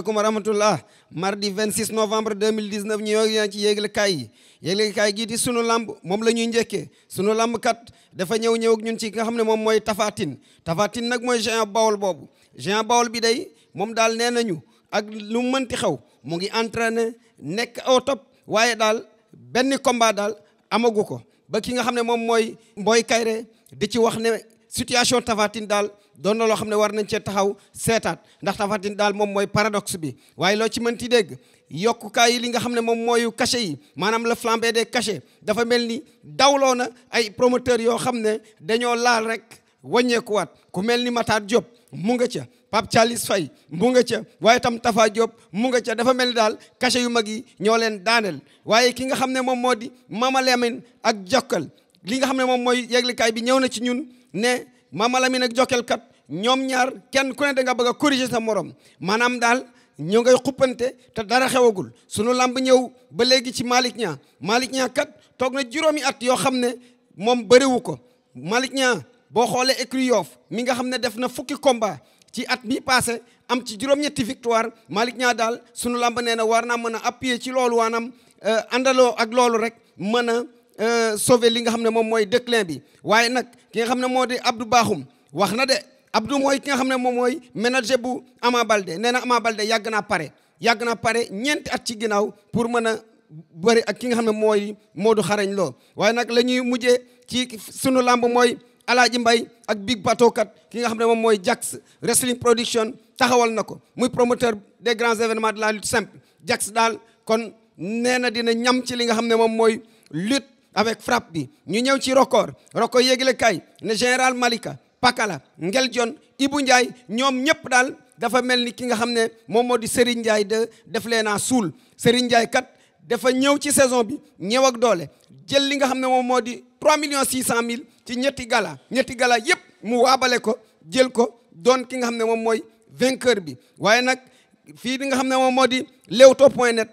asalaamaaleykum wa rahmatullah mardi 26 novembre 2019 ñu yoogi ci yéegle kaay yi yéegle kaay gii di sunu lamb moom la ñuy njëkkee sunu lamb kat dafa ñëw ñëw ak ñun ci nga xam ne moom mooy tafatin tafatin nag mooy géant bawol boobu géant bawol bi day moom daal nee nañu ak lu mënti xew mu ngi entraîné nekk au top waaye daal benn combat daal amagu ko ba ki nga xam ne moom mooy mbooy kayre di ci wax ne situation tafatin daal doon na loo xam ne war nañ cee taxaw seetaat ndax Tapha daal moom mooy paradoxe bi waaye loo ci mën mënti dégg yokkukaay yi li nga xam ne moom mooy cachet yi maanaam le flambée des cachets dafa mel ni dawloo na ay promoteurs yoo xam ne dañoo laal rek wàññeekuwaat ku mel ni Matar Diop mu nga ca Pape Thialis Faye mu nga ca waaye itam Tafa mu nga ca dafa mel ni daal cachet yu mag yi ñoo leen daaneel waaye ki nga xam ne moom moo di Mama Lamine ak Jokkal li nga xam ne moom mooy yëglikaay bi ñëw na ci ñun ne Mama Lamine ak Jokal kat ñoom ñaar kenn ku ne da nga bëgg a corriger sa moroom maanaam daal ñu ngay xuppante te dara xewagul suñu làmb ñëw ba léegi ci Malick Niang Malick Niang kat toog na juróomi at yoo xam ne moom bëriwu ko Malick Niang boo xoolee écurie Yoff mi nga xam ne def na fukki combat ci at mi passé am ci juróom-ñetti victoire Malick ñaa daal suñu làmb nee na war naa mën a appuyer ci loolu waanam euh, àndaloo ak loolu rek mën a Euh, sauver li nga xam ne moom mooy déclin bi waaye nag ki nga xam ne moo di Abdou Bakhoum wax na de Abdou mooy ki nga xam ne moom mooy ménager bu Ama Baldé nee na Ama Baldé yàgg naa pare yàgg naa pare ñeenti at ci ginnaaw pour mën a bëri ak ki nga xam ne mooy Modou Xarañ Lo waaye nag la ñuy mujjee ci sunu làmb mooy Alaaji Mbay ak Big Bato kat ki nga xam ne moom mooy Jax Wrestling Production taxawal na ko muy promoteur des grands événements de la lutte simple Jax daal kon nee na dina ñam ci li nga xam ne moom mooy lutte avec frappe bi ñu ñëw ci record record yégle kay ne général Malika Pakala Ngel John Ibou Ndiaye ñoom ñëpp daal dafa mel ni ki nga xam ne moom moo di Serigne Ndiaye de def lee naa suul Serigne Ndiaye kat dafa ñëw ci saison bi ñëw ak doole jël li nga xam ne moom moo di 3 millions 600 mille ci ñetti gala ñetti gala yëpp mu waabale ko jël ko doon ki nga xam ne moom mooy vainqueur bi waaye nag fii di nga xam ne moom moo di leewtoo point net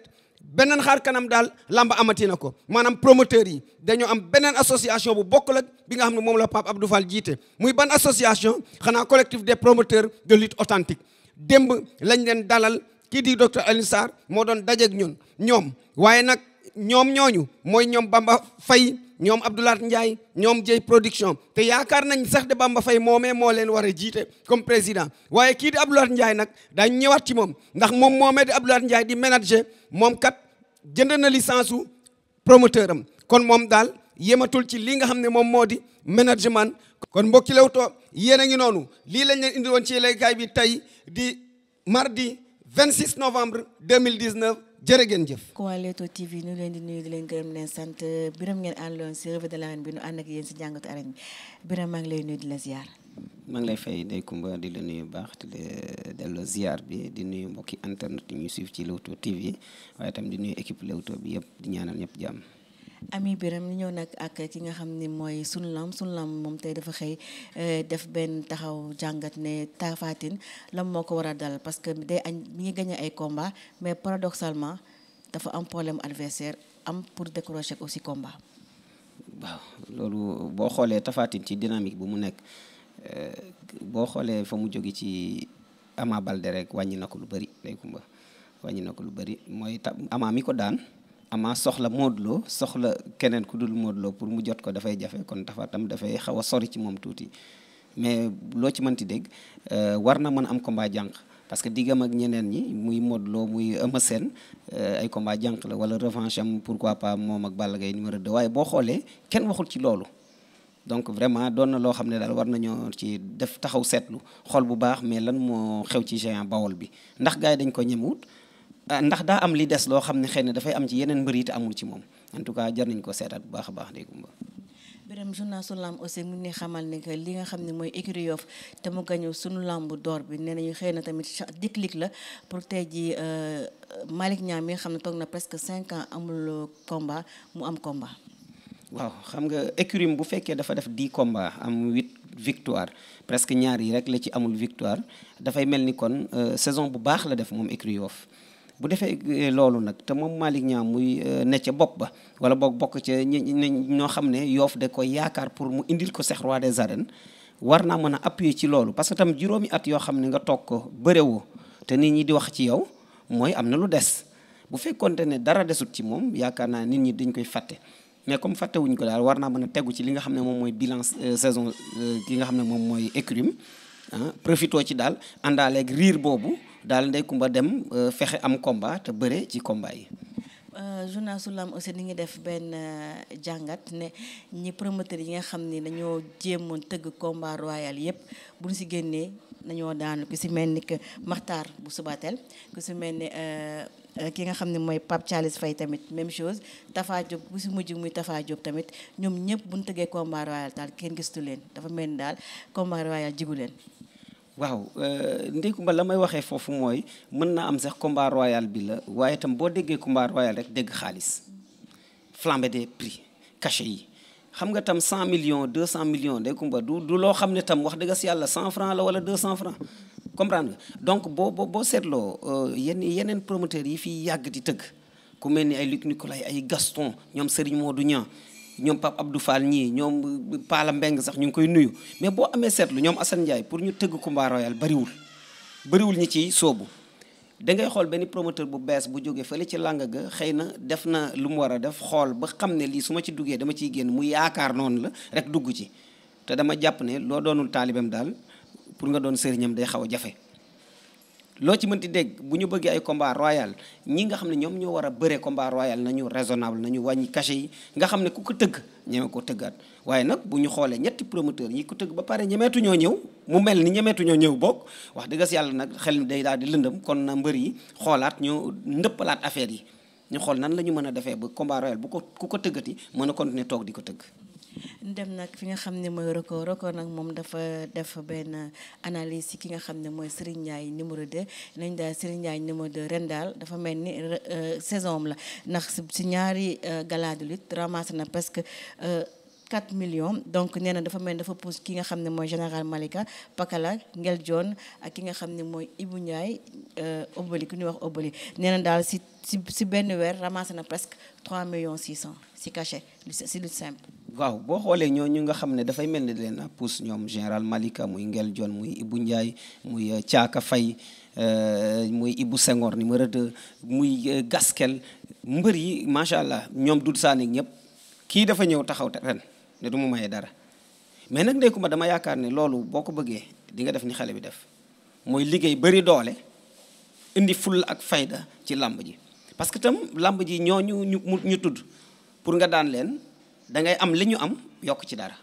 beneen xaar kanam daal làmb amati na ko maanaam promoteur yi dañoo am beneen association bu bokkul ak bi nga xam ne moom la Pape Abdou Fall jiite muy ban association xanaa collectif des promoteurs de lutte authentique démb lañ leen dalal kii di docteur Alioune Sarr moo doon dajeek ñun ñoom waaye nag ñoom ñooñu mooy ñoom Bamba fay ñoom Abdoulaat Ndiaye ñoom Jey production te yaakaar nañ sax de Bamba Faye moomee moo leen war a jiite comme président waaye kii di Abdoulaat Ndiaye nag dañ ñëwaat ci moom ndax moom moomee di Abdoulaat Ndiaye di manager moom kat jënd na licence su promoteur am kon moom daal yematul ci li nga xam ne moom moo di management kon mbokki Leewtoo yéen a ngi noonu lii lañ leen indi woon ci yéenekaay bi tey di mardi 26 novembre 2019 jërë ngeen jëf ku waa Leewtoo TV nu leen di nuyu leen gërëm leen sant Birame ngeen àndoon si revue de l'arène bi nu ànd ak yéen si jàngatu arène bi Birame maa lay nuyu di la ziar maa ngi lay fay Ndeye Comba di la nuyu baax di la delloo ziar bi di nuyu mbokki internet yi ñuy suivre ci Leewtoo TV waaye tam di nuyu équipe Leewtoo bi yëpp di ñaanal ñëpp jàmm Ami Biram ñu ñëw nag ak ci nga xam ni mooy sunu lam sunu lam moom tey dafa xëy eh, def benn taxaw jàngat ne tafaatin Tine lam moo ko war a dal parce que day añ mi ngi gagné ay combat mais paradoxalement dafa am problème adversaire am pour décrocher aussi combat. waaw loolu boo xoolee tafaatin ci dynamique bu mu nekk eh, boo xoolee fa mu jóge ci Ama Baldé rek wàññi na ko lu bëri day wàññi na ko lu bëri mooy ta Ama mi ko daan. ama soxla Modou soxla keneen ku dul Modou pour mu jot ko dafay jafe kon Tapha tam dafay xaw a sori ci moom tuuti mais loo ci mënti dégg euh, war na mën am combat jànq parce que diggam ak ñeneen ñi muy Modou Lo muy Eumeu Sène euh, ay combat jànq la wala revanche am pourquoi pas moom ak Balla gay numéro de waaye boo xoolee kenn waxul ci loolu donc vraiment doon na loo xam ne daal war nañoo ci def taxaw seetlu xool bu baax mais lan moo xew ci géant Bawol bi ndax dañ ko Ah, ndax daa am li des loo xam ne xëy na dafay am ci yeneen mbër yi te amul ci moom en tout cas jar nañ ko seetaat bu baax a baax dégg nga. Birame journal sunu lamb aussi mu ne xamal ne que li nga xam ne mooy écurie Yoff te mu gañu sunu lamb door bi nee nañu xëy na tamit déclic la pour tey jii euh, Malick Niang mi nga xam ne toog na presque cinq ans amul combat mu am combat. waaw xam nga écrime bu fekkee dafa def di combats am huit victoire presque ñaar yi rek la ci amul victoire dafay mel ni kon euh, saison bu baax la def moom écurie Yoff bu defee eh, loolu nag te moom Malick ñaam muy eh, ne ca bopp ba wala boog bokk ca ñi ñoo xam ne yoof de koy yaakaar pour mu indil ko Cheikh Roi des Arènes war naa mën a appuyer ci loolu parce que tam juróomi at yoo xam ne nga toog ko bërewoo te nit ñi di wax ci yow mooy am na lu des bu fekkonte ne dara desut ci moom yaakaar naa nit ñi dañ koy fàtte mais comme fàtte ko daal war naa mën a tegu ci li nga xam ne moom mooy bilan eh, saison ki nga xam ne moom mooy écurie ah profitoo ci daal àndaaleeg riir boobu daal ndey kumba dem euh, fexe am combat te bëre ci combat yi. Euh, journal su aussi ni ngi def benn euh, jàngat ne ñi promoteur yi nga xam ni dañoo jéemoon tëgg combat royal yëpp buñ si génnee dañoo daanu ku si mel ni que Maxtaar bu Subatel ku si mel ni ki nga xam ne mooy Pape Thialis Faye tamit même chose Tafa Diop bu si mujj muy Tafa Diop tamit ñoom ñëpp buñ tëggee combat royal daal kenn gistu leen dafa mel ni daal combat jigu leen waaw euh, ndey kumba la may waxee foofu mooy mën naa am sax combat royal bi la waaye itam boo déggee combat royal rek dégg xaalis flambée de prix cachet yi xam nga tam 100 millions 200 millions ndey kumba du du loo xam ne tam wax dëgg si yàlla 100 francs la wala 200 francs comprendre nga donc boo boo boo seetloo euh, yenn yeneen promoteurs yi fii yàgg di tëgg ku mel ni ay Luc Nicolaï ay Gaston ñoom moo du ñaa ñoom Pape Abdou Fall ñii ñoom euh, Paala Mbeng sax ñu ngi koy nuyu mais boo amee seetlu ñoom Assane Ndiaye pour ñu tëgg combat royal bariwul bariwul ñi ci soobu da ngay xool benn promoteur bu bees bu jógee fële ci làng ga xëy na def na lu mu war a def xool ba xam ne lii su ma ci duggee dama ciy génn mu yaakaar noonu la rek dugg ci te dama jàpp ne loo doonul taalibam daal pour nga doon sëriñam day xaw a jafe loo ci mënti dégg bu ñu bëggee ay combat royal ñi nga xam ne ñoom ñoo war a bëre combat royal nañu raisonnable nañu wàññi cachet yi nga xam ne ku ko tëgg ñeme ko tëggaat waaye nag bu ñu xoolee ñetti promoteur yi ko tëgg ba pare ñemeetu ñoo ñëw mu mel ni ñemeetu ñoo ñëw bokk wax dëgga si yàlla nag xel day daal di lëndëm kon na mbër yi xoolaat ñoo ndëppalaat affaire yi ñu xool nan la ñu mën a defee ba combat royal bu ko ku ko tëggati mën a continuer toog di ko tëgg dem nag fi nga xam ne mooy record record nag moom dafa def benn analyse ki nga xam ne mooy Serigne Ndiaye numéro de nañ daal Serigne Ndiaye numéro 2 ren daal dafa mel ni euh, saison la ndax si ñaari euh, gala de na parce que 4 millions donc nee na dafa mel dafa pousse ki nga xam ne mooy général Malika Pakala Ngel John ak ki nga xam ne mooy Ibou Ndiaye euh, Obali ku ñuy wax Obali nee na daal si si si benn weer ramassé na presque 3 millions 600 si cachet si lu simple. waaw boo xoolee ñooñu nga xam ne dafay mel ni leen a pousse ñoom général Malika muy Ngel John muy Ibou Ndiaye muy euh, Thiaka Faye euh, muy Ibou sengoor numéro 2 muy euh, Gaskel mbër yi macha allah ñoom Doudou Sané ñëpp kii dafa ñëw taxaw ren ne du mu maye dara mais nag ndey Kumba dama yaakaar ne loolu boo ko bëggee di nga def ni xale bi def mooy liggéey bëri doole indi ful ak fayda ci làmb ji parce que tam làmb ji ñooñu ñu tudd pour nga daan leen. da ngay am li ñu am yokk ci dara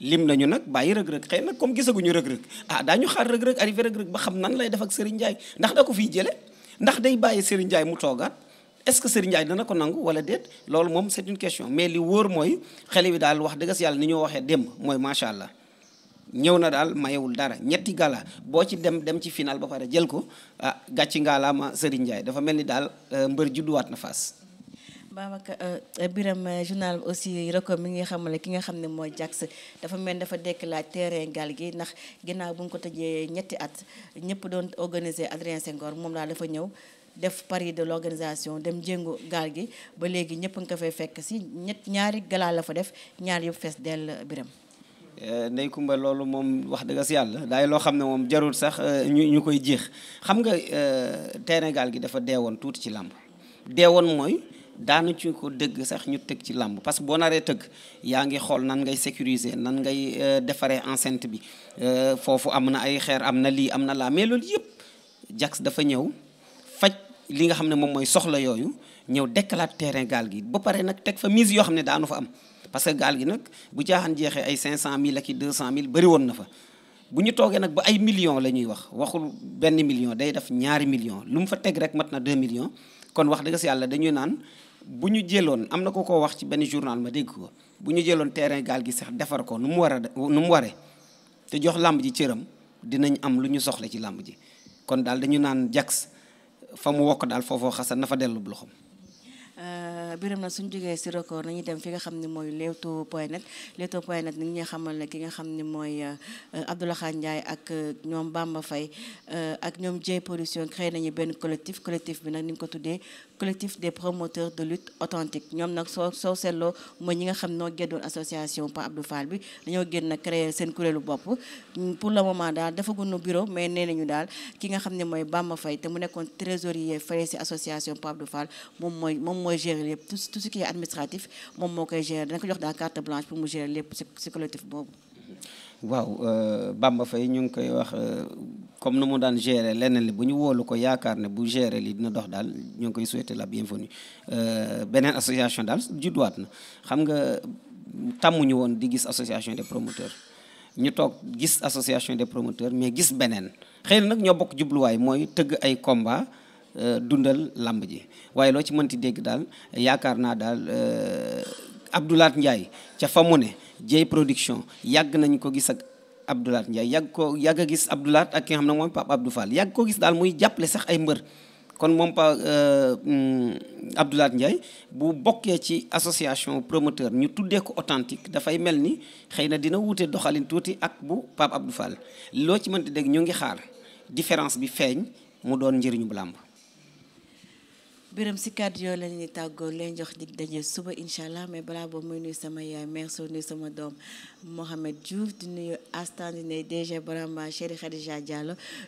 lim nañu nag bàyyi rëg-rëg xëy nag comme gisaguñu rëg-rëg ah daañu xaar rëg-rëg arrivé rëg-rëg ba xam nan lay def ak Serigne Ndiaye ndax da ko fi jële ndax day bàyyi Serigne Ndiaye mu toogaat est-ce que Serigne Ndiaye dana ko nangu wala déet loolu moom c'est une question mais li wóor mooy xale bi daal wax dëgg yàlla ni ñoo waxee démb mooy macha allah ñëw na daal mayewul dara ñetti gala boo ci dem dem ci final ba pare jël ko ah gàcci ngaalaama Serigne dafa mel ni daal euh, mbër judduwaat na faas Babacar euh, Birame euh, journal aussi record mi ngi xamale ki nga xam ne mooy Jax dafa mel dafa dekk laaj terrain gaal gi ndax ginnaaw bu ñu ko tëjee ñetti at ñëpp doon organiser Adrien Senghor moom daal dafa ñëw def pari de l'organisation dem jéngu gaal gi ba léegi ñëpp nga ko fay fekk si ñett ñaari galaal la fa def ñaar yëpp fees dell biram euh, Ndey Kumba loolu moom wax dëgg si yàlla daay loo xam ne moom jarul sax ñu ñu koy jeex xam nga terrain gaal gi dafa deewoon tuuti ci làmb daanu ci ko dëgg sax ñu tëgg ci làmb parce que boo naree tëgg yaa ngi xool nan ngay sécuriser nan ngay euh, defaree enceinte bi euh, foofu am na ay xeer am na lii am na laa mais loolu yëpp Jax dafa ñëw faj li nga xam ne moom mooy soxla yooyu ñëw dekkalaat terrain gaal gi ba pare nag teg fa mise yoo xam ne daanu fa am parce que gaal gi nag bu caaxaan jeexee ay cinq cent 500000 ak i 200000 bëri woon na fa bu ñu toogee nag ba ay millions la ñuy wax waxul benn million day def ñaari millions lu mu fa teg rek mat na 2 millions kon wax dëgg yàlla dañuy naan bu ñu jëloon am na ko ko wax ci benn journal ma dégg ko bu ñu jëloon terrain gaal gi sax defar ko nu mu war a nu mu waree te jox làmb ji cëram dinañ am lu ñu soxla ci làmb ji kon daal dañu naan jax fa mu wokk daal foofoo xasan na fa dellu loxoom Euh, biram na suñ jógee si record nañu dem fi nga xam ne mooy Leewtoo point net Leewtoo point net ni ñu ñuy xamal ne ki nga xam ni mooy euh, Abdoulaye Ndiaye ak euh, ñoom Bamba Faye ak ñoom J Production xëy nañu benn collectif collectif bi nag ni ñu ko tuddee collectif des promoteurs de lutte authentique ñoom nag soo soo seetloo mooy ñi nga xam noo géddoon association Pa Abdou Fall bi dañoo génn nag créer seen kuréelu bopp pour le moment daal defaguñu bureau mais nee ñu daal ki nga xam ne mooy Bamba fay te mu nekkoon trésorier fayee si association Pa Abdou Fall moom mooy moom mooy gérer lépp tout tout ce administratif moom moo koy gérer dana ko jox daal carte blanche pour mu gérer lépp si waaw euh, Bamba fay ñu ngi koy wax euh, comme nu mu daan gérer leneen li bu ñu wóolu ko yaakaar ne bu gérer li dina dox daal ñu ngi koy souhaiter la bienvenue euh, beneen association daal judduwaat na xam nga tàmmuñu woon di gis association des promoteurs ñu toog gis association des promoteurs mais gis beneen xëy na nag ñoo bokk jubluwaay mooy tëgg ay combat dundal làmb ji waaye loo ci mënti dégg daal yaakaar naa daal Abdoulaat Ndiaye ca fa ne Dieye production yàgg nañ ko gis ak Abdoulaat Ndiaye yàgg ko yàgg a gis Abdoulaat ak ki nga xam ne mooy Pape Abdou Fall gis daal muy jàppale sax ay kon moom pa euh, mm, Abdoulaat Ndiaye bu bokkee ci association promoteur ñu tuddee ko authentique dafay mel ni xëy na dina wuute doxalin tuuti ak bu Pape Abdou loo ci mënti dégg ñu ngi xaar différence bi feeñ mu doon njëriñu bu làmb biram si kàddu yoo la ñuy tàggoo leen jox di daje suba incha allah mais balaa boobu muy nuyu sama yaay mère soo sama doom Mohamed Diouf di nuyu astandine DG Baramba Chéri Khadija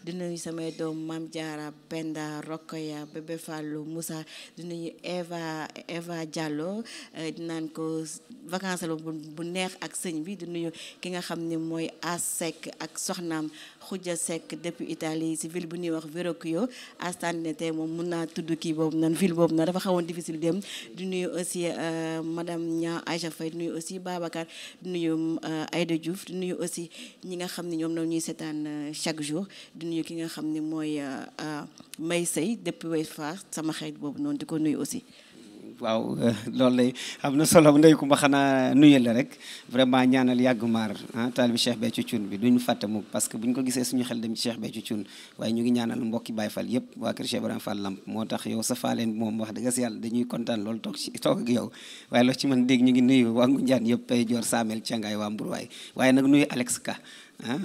di nuyu samay doom Mam Diara Penda Rokhaya Bébé Fallou Moussa di nuyu Eva Eva Diallo euh, di naan ko vacances la bu neex ak sëñ bi di nuy ki nga xam ni mooy Asek ak soxnaam xuj Seck depuis Italie si ville bu ñuy wax Verocchio astandine tey moom mun naa tudd kii boobu noonu kon ville boobu nag dafa xawoon difficile dem du nuyu aussi euh, madame Nia Aïcha Faye di nuyu aussi Babacar di nuyu euh, Aïda Diouf di aussi ñi nga xam ni ñoom ñoo ñuy seetaan euh, chaque jour di nuyu ki nga xam ni mooy May Sey depuis Ouest faa sama xarit boobu noonu di ko nuy aussi. waaw loolu lay am na solo ndey ku ma xanaa nuyu la rek vraiment ñaanal yàgg maar ah taalibi Cheikh Béthio Thioune bi ñu fàtte mukk parce que bu ñu ko gisee suñu xel dem ci Cheikh waaye ñu ngi ñaanal mbokki Baye Fall yëpp waa kër Cheikh Ibrahima Fall Lamp moo tax yow sa faaleen moom wax dëgg si yàlla dañuy kontaan lool toog ci toog ak yow waaye loo ci mën dégg ñu ngi nuyu waa Ngunjaan yëpp Pay Joor Samel Cangaay waa Mburuwaay waaye nag nuyu Alex Ka ah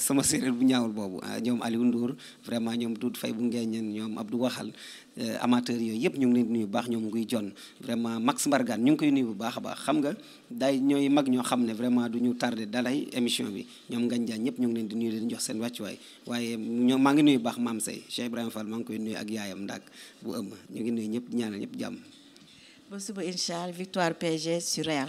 sama séeréer bu ñaawul boobu ah, ñoom Aliou Ndour vraiment ñoom Doudou fay bu Ngeeñeen ñoom Abdou Waxal euh, amateur yooyu yëpp ñu ngi leen di nuyu bu baax ñoom nguy jon vraiment Max Mbargane ñu ngi koy nuyu bu baax a baax xam nga day ñooy mag ñoo xam ne vraiment du ñu tardé dalay émission bi ñoom ngañ jaan ñëpp ñu ngi leen di nuyu leen jox seen wàccuwaay waaye ñoom maa ngi nuyu bu baax maam say Cheikh Ibrahima Fall maa ngi koy nuyu ak yaayam ndaak bu ëmb ñu ngi nuyu ñëpp ñaanal ñëpp jàmm ba suba incha victoire PSG sur Real